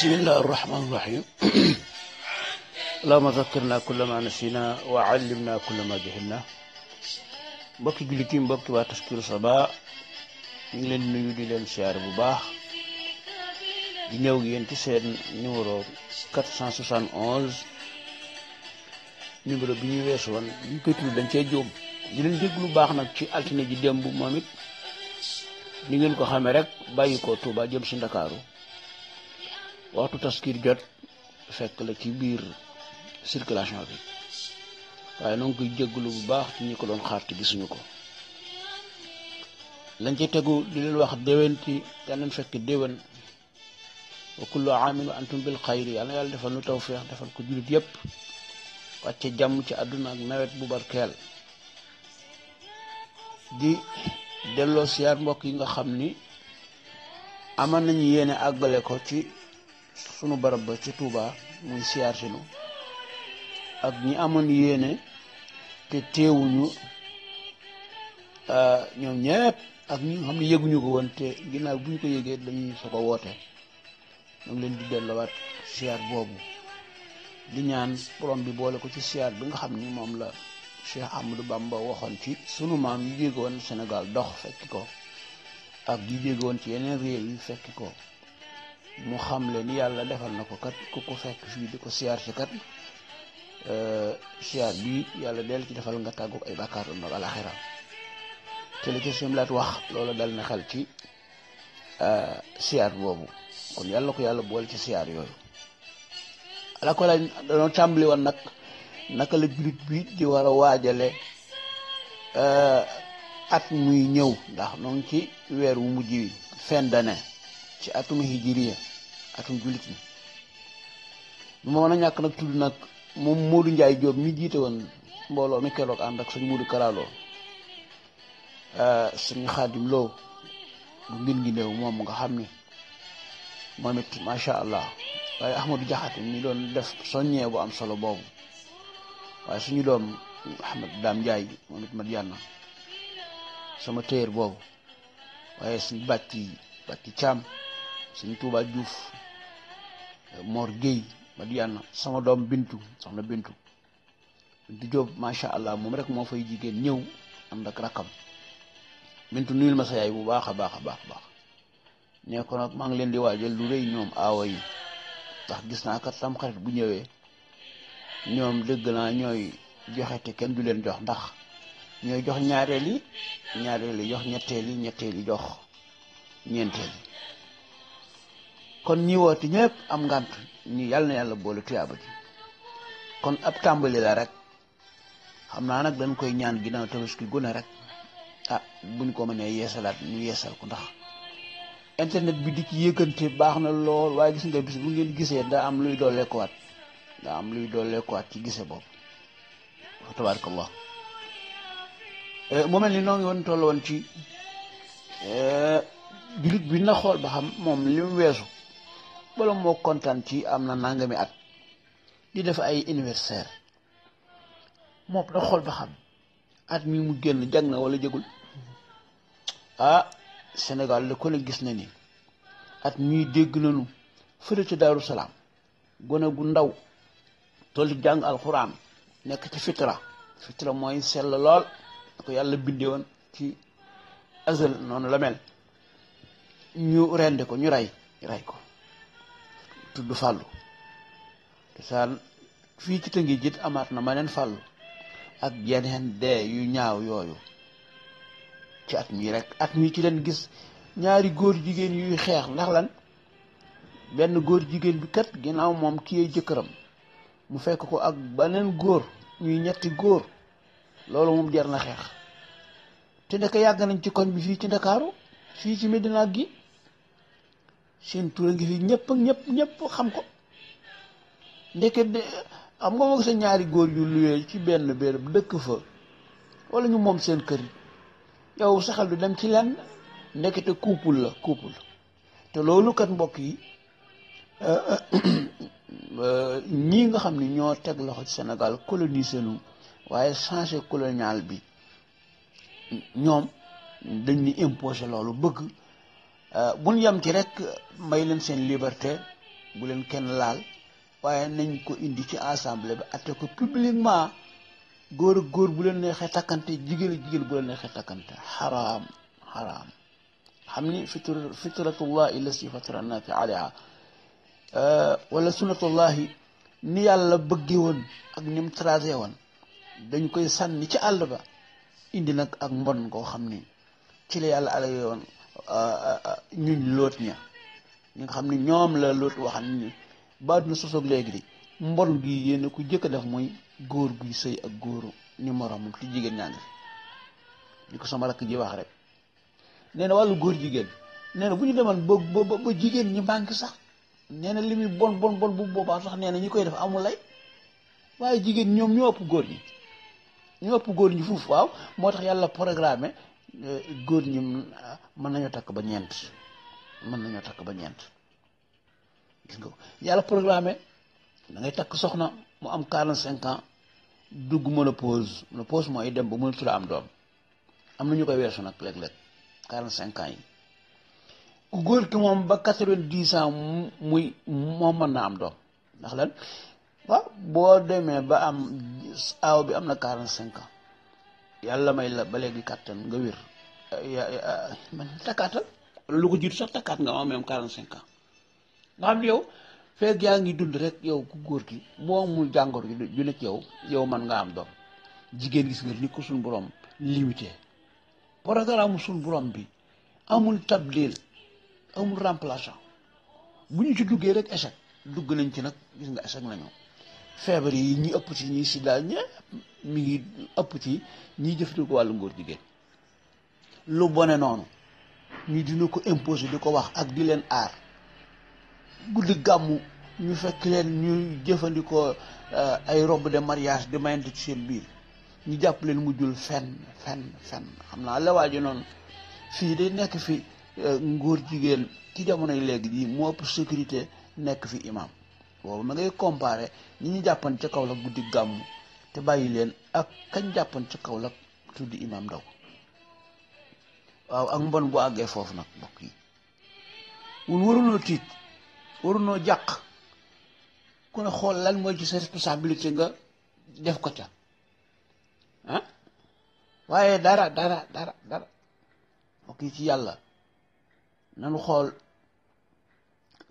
بسم الله الرحمن الرحيم اللهم ذكرنا كل ما نسينا وعلمنا كل ما جهلنا mbokki jullit yi mbokki waa Taskiru Saba ñu ngi leen nuyu di leen siyaar bu baax di ñëw yéen ci seen numéro 471 numéro bi ñu weesu woon ñu koy tudd dañ cee jóom di leen dégg lu baax nag ci altine ji démb moom it ni ngeen ko xamee rek bàyyi ko Touba jëm si Ndakaaru waxtu taskir jot fekk la ci biir circulation bi waaye noo ngi koy jégalu bu baax ci ñi ko doon xaar te gisuñu ko lañ ci tegu di leen wax déwén ci yàlla fekk déwén wa kullu aamin wa antum bil xayri yàlla yàlla defal nu tawféex defal ko jullit yépp wax ci jàmm ci àdduna ak nawet bu barkeel di delloo siyaar mbokk yi nga xam ni aman nañu yéene àggale ko ci sunu barab ba ci Touba muy siyaar si ak ñi amoon yéene te teewuñu ñoom ñëpp ak ñi nga xam ne yëguñu ko woon te ginnaaw bu ñu ko yégee dañuy soog a woote ñu ngi leen di delluwaat siyaar boobu di ñaan borom bi boole ko ci siyaar bi nga xam ni moom la Cheikh Amadou Bamba waxoon ci sunu maam yi jóge senegal dox fekki ko ak yi jóge ci yeneen réew yi fekki ko mu xam le ni yàlla defal na ko kat ku ko fekk fii di ko siyaar si kat euh, siyaar bii yàlla del ci defal nga tàggu ay bàkkaaram nag alaxira te li ci sëñ laat wax loola dal na xel ci euh, siyaar boobu kon yàlla ko yàlla bool ci siyaar yooyu ala ko laaj dañoo tàmbali woon nag naka la jullit bi di war a waajale euh, at muy ñëw ndax noonu ci weer wu mujj wi fin d'année ci atum hijiriya ak jullit ñi lu ma mën a ñàkk nag tudd nag moom Modou njaay Diop mi jiite woon mbooloo mi keroog ànd ak suñ Modou Karaloo eh, suñu xaadim loo du ngin gi néew moom nga xam ni moom it macha allah waaye Ahmadou Diakhaté mi doon def soññee bu am solo boobu waaye suñu doom Ahmad Dame Ndiaye moom it ma jànn sama téer boobu waaye suñu bàcci bàcci caam suñ Touba Diouf Mor Guèye Madiyana sama doom Bintu soxna Bintu Bintu Diop macha allah moom rek moo fay jigéen ñëw am ak rakam Bintu nuyul ma sa yaay bu baax a baax a baax baax ne nag maa ngi leen di waajal lu rëy ñoom awo yi ndax gis naa kat tam xarit bu ñëwee ñoom dëgg naa ñooy joxe te kenn du leen jox ndax ñooy jox ñaareel yi ñaareel yi jox ñetteel yi ñetteel jox ñeenteel yi kon ñi woote am ngant ñu yàlla yàlla boole tuyaaba ji kon ab tàmbali la rek xam naa nag dañ koy ñaan ginnaaw tabaski gune rek ah buñ ko mënee yeesalaat ñu yeesal ko ndax internet bi di ci baax na lool waaye gis nga bis bu gisee daa am luy doole ko waat am luy doole ko ci gise boobu wa tabarakallah eh, mu mel ni noo ngi woon toll woon ci eh, jullit bi na xool ba xam moom li weesu bala moo kontaan ci am na nangami at di def ay anniversaire moom la xool ba xam at mi mu génn jàng na wala jëgul ah Sénégal la ko gis na ni at ñuy dégg nañu fële ci Daaru gone gu ndaw tolli jàng alxuraan nekk ci fitra fitra mooy sell lool ko yàlla bindee woon ci azal noonu la mel ñu rende ko ñu rey rey ko tudd fàllu te saal fii ci tëngi jit amaat na ma neen fàllu ak yeneen dee yu ñaaw yooyu ci at mii rekk at mii ci leen gis ñaari góor jigéen yuy xeex ndax lan benn góor jigéen bi kat ginnaaw moom kiyee jëkkëram mu fekk ko ak beneen góor ñuy ñetti góor loolu moom jar na xeex te ndeka yàgg nañ ci koñ bi fii ci ndakaaru fii ci Medina gi seen tur ngi fi ñëpp ak ñëpp ñëpp xam ko ndeket de am nga foog sa ñaari góor yu luyee ci benn béréb dëkk fa wala ñu moom seen kër yow saxal du dem ci lenn ndekete couple la couple te loolu kat mbokk yi euh, euh, euh, ñii nga xam ni ñoo teg loxo ci Sénégal colonisé seenu waaye changé colonial bi ñoom dañ ñu imposé loolu bëgg Euh, buñ yem ci rek may leen seen liberté bu leen kenn laal waaye nañ ko indi ci assemblée bi atte ko publiquement góor ak góor bu leen neexee takkante jigéen ak jigéen bu leen neexee takkante xaraam xaraam xam ni fitur fitratullahi lasi fatara naasi alayha euh, wala sunnatullahi ni yàlla bëgge woon ak ni mu woon dañ koy sànni ci àll ba indi nag ak mbon koo xam ni ci la yàlla alaye woon ñuñ loot ña ñi nga xam ne ñoom la loot waxan ñu ba dina sosoog léegi di mbon gi yéen ku jëkk def muy góor guy sëy ak góor ni moroomam ci jigéen ñaa ngi ko sama rakk ji wax rek nee na wàllu góor jigéen nee na bu ñu demoon ba ba jigéen ñi manqué sax nee na li bon bon bon bu boobaa sax nee na ñi koy def amul lay waaye jigéen ñoom ñoo ëpp góor ñi ñoo ëpp góor ñi fuuf waaw moo tax yàlla programme góor ñi mën nañoo takk ba ñeent mën nañoo takk ba ñeent gis nga yàlla programme da ngay takk soxna mu am quarante cinq ans dugg ménopause pose mooy dem ba mun a am doom am nañu ñu koy weesu nag léeg-léeg quarante cinq ans yi ku góor ki moom ba quatre vingt dix ans muy moo mën na am doom ndax la waaw boo demee ba am aaw bi am na quarante cinq ans yàlla may la ba léegi kàttan nga wér ah, man takkaatal lu ko jiitu sax takkaat nga am même quarante cinq ans yow fekk yaa ngi dund rek yow ku góor gi boo amul jàngoor gi ju ne ci yow yow man nga am doom jigéen gis nga ni ko suñ borom limité programme suñ borom bi amul tablil amul remplaçant bu ñu ci duggee rek échec dugg nañ ci nag gis nga échec nañu feebar yi ñu ëpp ci ñi sida ñëpp mi ngi ëpp ci ñiy jëfandikoo wàll ngóor jigéen lu bone noonu ñu dina ko imposé di ko wax ak di leen aar guddi gàmmu ñu fekk leen ñu jëfandikoo eh, ay robe de mariage di mayante ci seen biir ñu jàpp leen mu mujjul fen fenn fen xam naa la noonu fii day nekk fi eh, ngóor jigéen ci jamonoy léegi ji moo ëpp sécurité nekk fi imam boobu ma ngay comparé ñi ñu jàppan ca Kaolack guddi gàmm te bàyyi leen ak kañ jàppan ca Kaolack tuddi imam ndaw waaw ak mbon bu àggee foofu nag mbokk yi wun warunoo tiit warunoo jàq ku ne xool lan mooy ci sa responsabilité nga def ko ca ah waaye dara dara dara dara mbokk yi ci yàlla nanu xool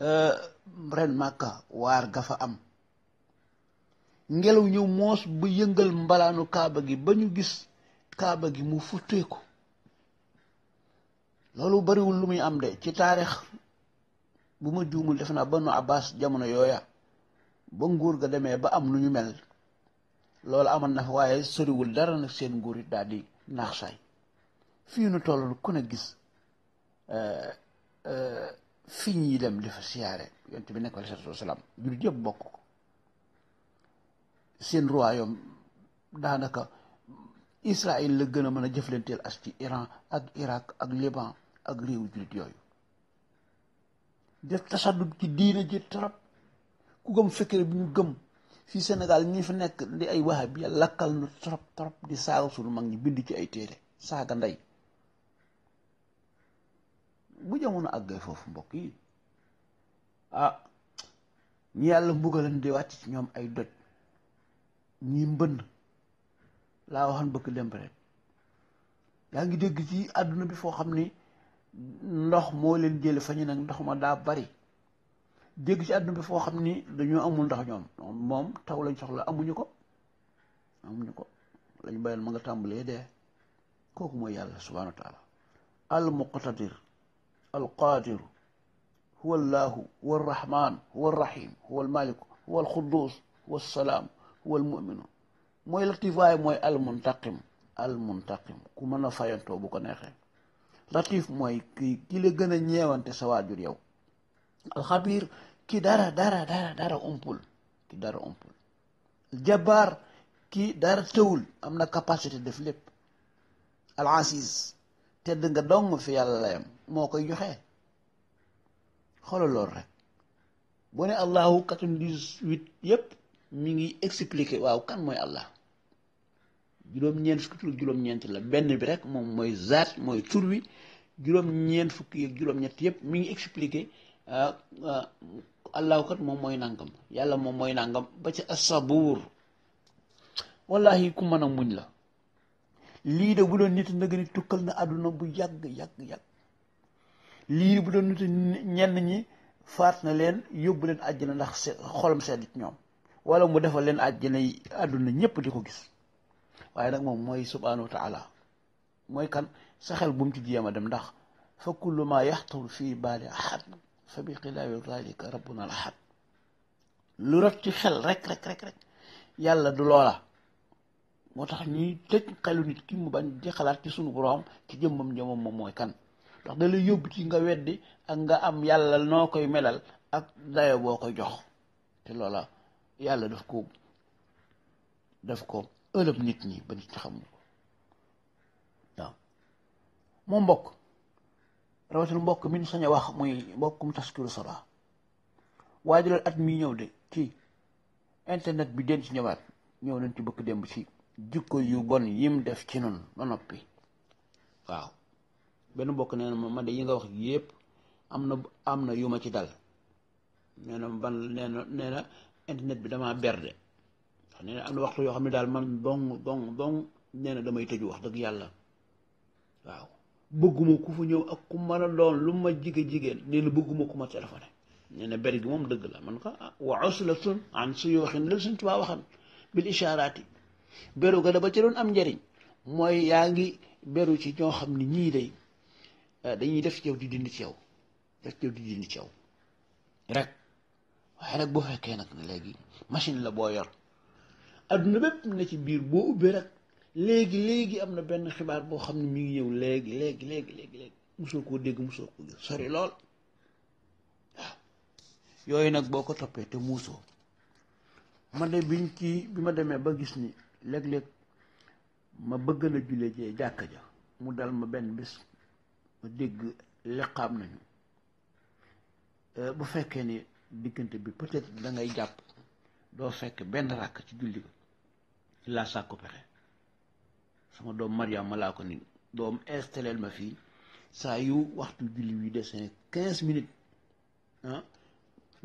euh, ren màkka waar ga fa am ngelaw ñëw moos ba yëngal mbalaanu kaaba gi ba ñu gis kaaba gi mu futteeku loolu bariwul lu muy am de ci taarix bu ma juumul def naa banu abbas jamono yooya ba nguur ga demee ba am nu ñu mel loolu amoon na fa waaye soriwul dara nag seen nguur it daal di naax saay fii nu toll ku ne gis euh, euh, fii ñuy dem dafa siyaare yonent bi nekk alayhi salaatu wasalaam jullit yëpp bokk ko seen royaume daanaka Israël la gën a mën a jëflanteel as ci Iran ak Irak ak Liban ak réewu jullit yooyu def tasaddub ci diina ji trop ku gëm fekkere bi ñu gëm fii Sénégal ñi fi nekk di ay wahabiya lakkal nu trop trop di saaga suñu mag ñi bind ci ay téere saaga ndey bu jamono àggee foofu mbokk yi ah ñi yàlla mbugalan di wàcc ci ñoom ay doj ñi mbënn laa waxoon bëgg dem rek yaa ngi dégg ci àdduna bi foo xam ni ndox moo leen jële fa ñu nag ma daa bari dégg ci àdduna xam ni dañoo amul ndox ñoom moom taw lañ soxla amuñu ko amuñu ko lañ bayal ma nga tàmbalee de kooku mooy yàlla subhanahu wa taala al القادر هو الله هو الرحمن هو الرحيم هو المالك هو القدوس هو السلام هو المؤمن mooy latif waaye mooy almuntaqim almuntaqim ku mën a fayantoo bu ko neexee latif mooy ki gën a ñeewante sa waajur yow alxabir ki dara dara dara umpul ki dara umpul jabaar ki dara tëwul am na capacité def lépp al aziz tedd nga dong fi yàlla layam moo koy joxe xoolal loolu rek boo ne allahu quatre yépp mi ngi expliquer waaw kan mooy allah juróom-ñeent fukki tur la benn bi rek moom mooy zaat mooy tur wi juróom-ñeent fukki ak juróom mi ngi expliquer allahu kat moom mooy nangam yàlla moom mooy nangam ba ci asabuur wallahi ku mën a muñ la lii de bu doon nit na tukkal na àdduna bu yàgg yàgg yàgg lii bu doon nit ñenn ñi faat na leen yóbbu leen àjjana ndax se xolam sedd wala mu defal leen àjjana yi àdduna ñëpp di ko gis waaye nag moom mooy subhaanahu wa mooy kan sa xel ci jéem a dem ndax fa kullu ma yaxtur fii baali ahad fa bi lu rot xel rek rek rek yàlla du loola moo tax ñuy tëj xelu nit ki mu bañ di xalaat ci sunu boroom ci jëmmam jëmmam moom mooy kan ndax da lay yóbbu ci nga weddi ak nga am yàlla noo koy melal ak dayo boo ko jox te loola yàlla def ko def ko ëlëb nit ñi ba nit ñi xamul moom mbokk rawatina mbokk mi ñu wax muy mbokkum taskiru sola waaye di at mi ñëw de ci internet bi den ci ñëw nañ ci bëkk démb ci jikko yu bon yim def ci noonu ba noppi waaw benn mbokk nee na ma de yi nga wax yépp am na am na yu ma ci dal nee na ban nee na internet bi damaa berde ndax nee na am na waxtu yoo xam ne daal man dong dong dong nee damay tëju wax dëgg yàlla waaw bëgguma ku fa ñëw ak ku mën a lu ma jige jigéen nee bëgguma ku ma téléphoné nee na gi moom dëgg la man ko ah, wa uslatun an suyuxin la suñ tubaa waxan bil ishaaraati beru ga da ci doon am njariñ mooy yaa ngi beru ci ñoo xam ni ñii day Eh, dañuy def ci yow di dindi ci yow def ci yow di dindi rek waaye nag boo fekkee nag ne léegi machine la boo yor adduna bépp na ci biir boo ubbee rek léegi léegi am na benn xibaar boo xam ne mi ngi ñëw léegi léegi léegi léegi léegi koo dégg mosoo koo gis sori lool yooyu nag boo ko toppee te muusoo ma de biñ ci bi ma demee ba gis ni léeg-léeg ma bëgg na jullee jee jàkka ja mu dal ma benn bis ma dégg liqaam nañu euh, bu fekkee ni diggante bi peut-être da ngay jàpp doo fekk benn ràkk ci julli ba laa sàkku pexe sama doom Mariam ma laa ko ni doom installeel ma fii saa yu waxtu julli wi desee quinze minutes ah,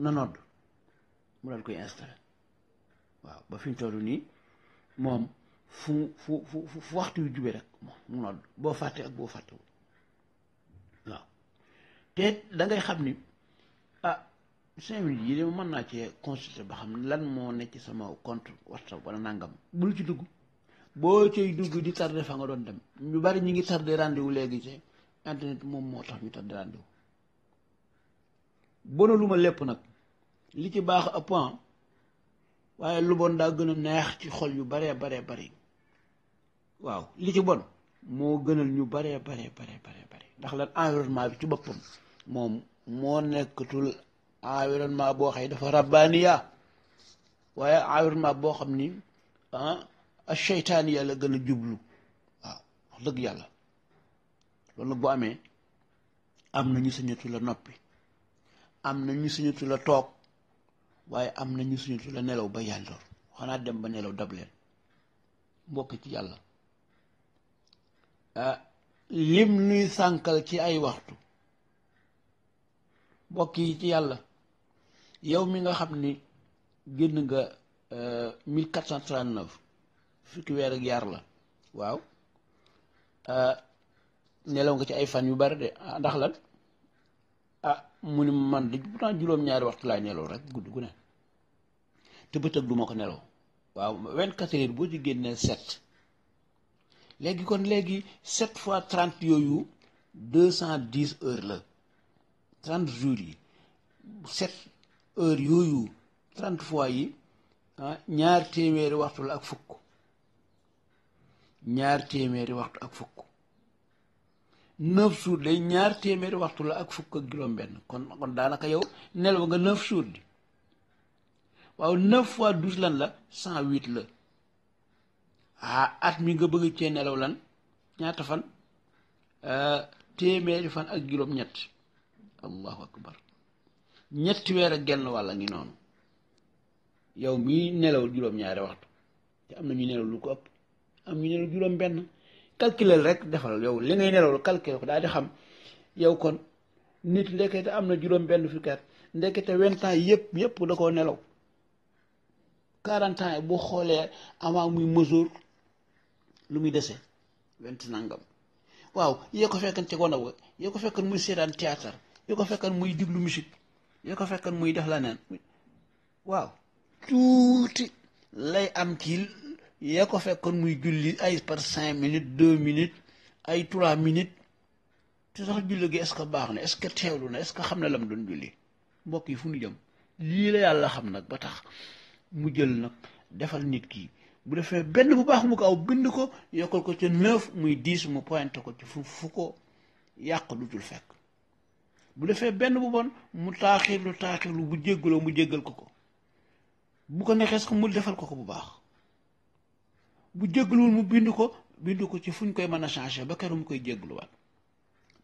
na nodd mu daal koy installé waaw ba fi mu toll nii moom fu fu fu waxtu yu jubee rek mu nodd boo fàttee ak boo fàttewul te da xam ni ah cinq mille yi de mën naa cee consulter ba xam lan moo nekk ci sama compte whatsapp wala nangam bul ci dugg boo cay dugg di tardé fa nga doon dem ñu bari ñu ngi tardé rendez-vous léegi ci internet moom moo tax ñu tardé rendez-vous lu ma lépp nag li ci baax a point waaye lu bon daa gën a neex ci xol yu baree baree bari waaw li ci bon moo gënal ñu baree baree baree baree bari ndax lan environnement bi ci boppam moom moo nekkatul environnement boo xëy dafa rabbaaniya waaye environnement boo xam ni ah a seytaan la gën a jublu waaw dëgg yàlla loolu bu amee am na ñu sañatu la noppi am na ñu sañatu la toog waaye am na ñu sañatu la nelaw ba yàndoor xanaa dem ba nelaw dab mbokk ci yàlla ah, lim nuy sànkal ci ay waxtu mbokk yi ci yàlla yow mi nga xam ni génn nga 1439 euh, fukki weer ak yaar la waaw euh, nelaw nga ci ay fan yu bari de ah, ndax lan ah mu ni man de pourtant juróom-ñaari waxtu laay nelaw rek guddi gu ne te bëtëg du ma ko nelaw waaw 24 heures boo ci génnee 7 léegi kon léegi 7 fois 30 yooyu cent 210 heures la. 30 jours yi 7 heures yooyu 30 fois yi ah ñaar téeméeri waxtu la ak fukk ñaar téeméeri waxtu ak fukk neuf jours day ñaar téeméeri waxtu la ak fukk ak juróom-benn kon kon daanaka yow nelaw nga neuf jours di waaw neuf fois douze lan la cent huit la ah at mi nga bëgg cee nelaw lan ñaata fan ah, téeméeri fan ak juróom-ñett. allahu akbar ñetti weer ak genn walla ngi noonu yow mii nelawul juróom-ñaari waxtu te am na ñu nelaw lu ko ëpp am ñu nelaw juróom benn calculer rek defal yow li ngay nelawul calculer ko daal di xam yow kon nit ndekete am na juróom benn fukkaat ndekete vingt ans yëpp yëpp da koo nelaw quarante ans bu xoolee avant muy mesure lu muy dese vingt nangam waaw yee ko fekkante gone ba yee ko fekkan muy seetaan théâtre yu ko fekkan muy diglu musique yu ko fekkan muy def neen waaw tuuti lay am ci ya ko fekkoon muy julli ay par cinq minutes deux minutes ay trois minutes te sax julli gi est-ce que baax na est-ce que teewlu na que xam na lam doon julli mbokk yi fu ñu jëm lii la yàlla xam nag ba tax mu jël nag defal nit kii bu defee benn bu baax mu ko aw bind ko yokkal ko ca neuf muy dix mu pointé ko ci fu fu ko yàq dutul fekk bu defee benn bu bon mu taaxirlu taaxirlu bu jéggaloo mu jéggal ko ko bu ko neexee ko mu defal ko ko bu baax bu jéggaluwul mu bind ko bind ko ci fu ñu koy mën a changé ba keru mu koy jéggaluwaat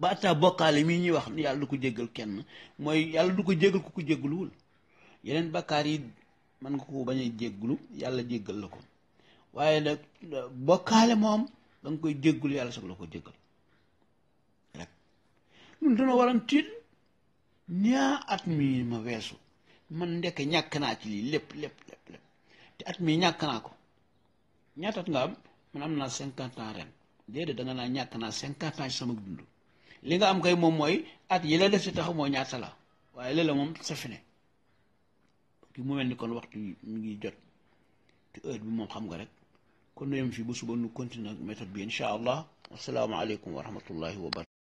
ba atta bokkaale ñuy wax yàlla du ko jéggal kenn mooy yàlla du ko jéggal ko jéggaluwul yeneen bakkaar yi mën nga ko bañ a jéggalu yàlla jéggal la ko waaye nag bokkaale moom da nga koy jéggalu yàlla soog la ko jéggal rek ñun dañoo waroon tiit ñaa at mi ma weesu man ndekk ñàkk naa ci lii lépp lépp lépp te at mii ñàkk naa ko ñaata nga am man am naa cinquante ans ren déedéet da nga naa ñàkk naa cinquante ans ci sama dund li nga am kay moom mooy at yi la def si taxaw moo ñaata la waaye léeg-léeg moom sa fi ki mu mel ni kon waxtu mu ngi jot te heure bi moom xam nga rek kon nu yem fii ba suba nu continuer ak bi incha allah asalaamaaleykum wa rahmatullahi wa barakatuh